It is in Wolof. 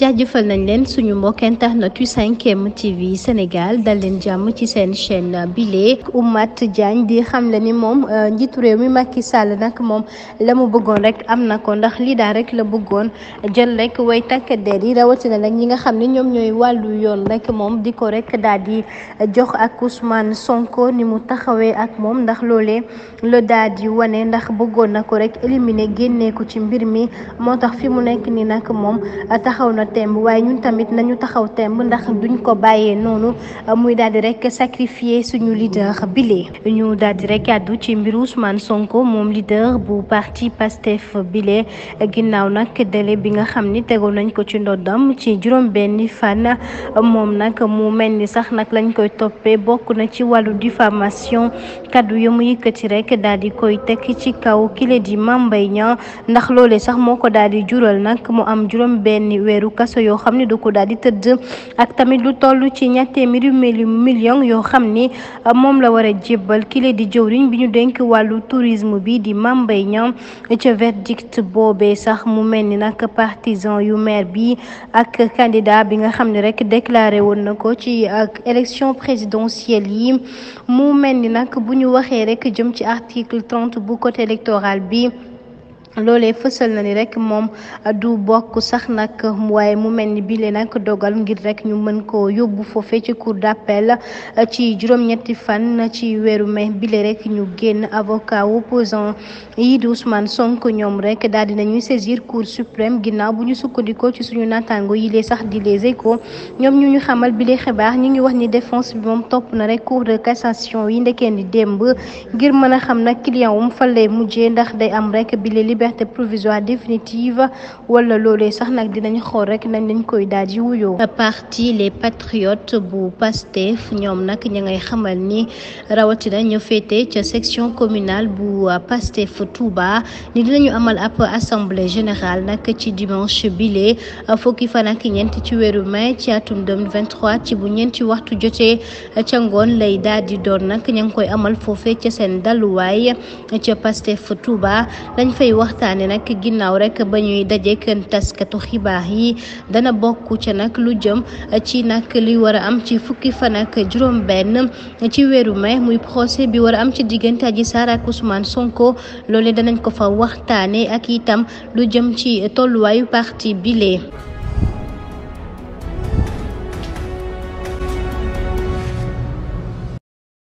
jaajëfal nañ leen suñu mbokk internet yu 5M TV Sénégal dal leen jàmm ci seen chaîne bile Oumath Diagne di xam xamle ni moom euh, njiitu réew mi Macky Sall nag moom la mu bëggoon rek am na ko ndax lii daal rek la bëggoon jël rek woy takk der yi rawatina nak ñi nga xam ne ñoom ñooy wallu yoon rek moom di ko rek daal di jox ak Ousmane Sonko ni mu taxawee ak moom ndax loolee la daal di wane ndax bëggoon na ko rek éliminer génnee ko ci mbir mi moo tax fi mu nekk nii nag moom temb waaye ñun tamit nañu taxaw temb ndax duñ ko bàyyee noonu euh, muy daal di rek sacrifier suñu leader bile. ñu daal di rek àddu ci mbiru Ousmane Sonko moom leader bu parti Pastef bile ginnaaw nag délai bi nga xam ni tegoon nañ ko ci ndoddam ci juróom-benni fan moom nag mu mel ni sax nag lañ koy toppee bokk na ci wàllu diffamation kaddu yu mu yëkkati rek daal di koy tekk ci kaw kile di Mame ndax loolee sax moo ko daal di nag mu am juróom-benni kaso yoo xam ne du ko daal di tëdd ak tamit lu toll ci ñaar téeméeri million yoo xam ni euh, moom la war a jébbal kile di jëwriñ bi ñu dénk wàllu tourisme bi di Mame Mbaye Niang ca verdict boobee sax mu mel ni nag partisan yu maire bi ak candidat bi nga xam ne rek déclarer woon na ko ci ak élection présidentielle yi mu mel ni nag bu ñu waxee rek jëm ci article 30 bu code électoral bi loolee fësal na ni rek moom du bokk sax nag waaye mu mel ni bile nag dogal ngir rek ñu mën koo yóbbu foofee ci cour d'appel ci juróom-ñetti fan ci weeru mai bile rek ñu génn avocat opposant yi di Ousmane sonk ñoom rek daal dinañuy saisir cour suprême ginnaaw bu ñu sukkandikoo ci suñu naataango yi lee sax di les échos ñoom ñu ñu xamal bile xibaar ñu ngi wax ni défense bi moom topp na rek cour de cassation yi ndekeen di démb ngir mën a xam nag client wum fan lay mujjee ndax am liberté provisoire définitive wala loole sax nag dinañ xool rek nañ lañ koy daal di wuyoo. parti les patriotes bu Pastef ñoom nag ña ngay xamal ni rawatina ñu féete ca section communale bu Pastef Touba ni dinañu amal ab assemblée générale nag ci dimanche bile fukki fan ak ñeent ci weeru mai ci atum 2023 ci bu ñeenti waxtu jotee ca ngoon lay daal di doon nag ña ngi koy amal foofee ca seen daluwaay ca Pastef Touba lañ fay wax. waxtaane nag ginnaaw rek ba ñuy dajeek taskatu xibaar yi dana bokk ca nag lu jëm ci nag li war a am ci fukki fa ak juróom benn ci weeru mai muy procès bi war a am ci diggante Adji Sarr ak Ousmane Sonko loole danañ ko fa waxtaane ak itam lu jëm ci tolluwaayu parti bile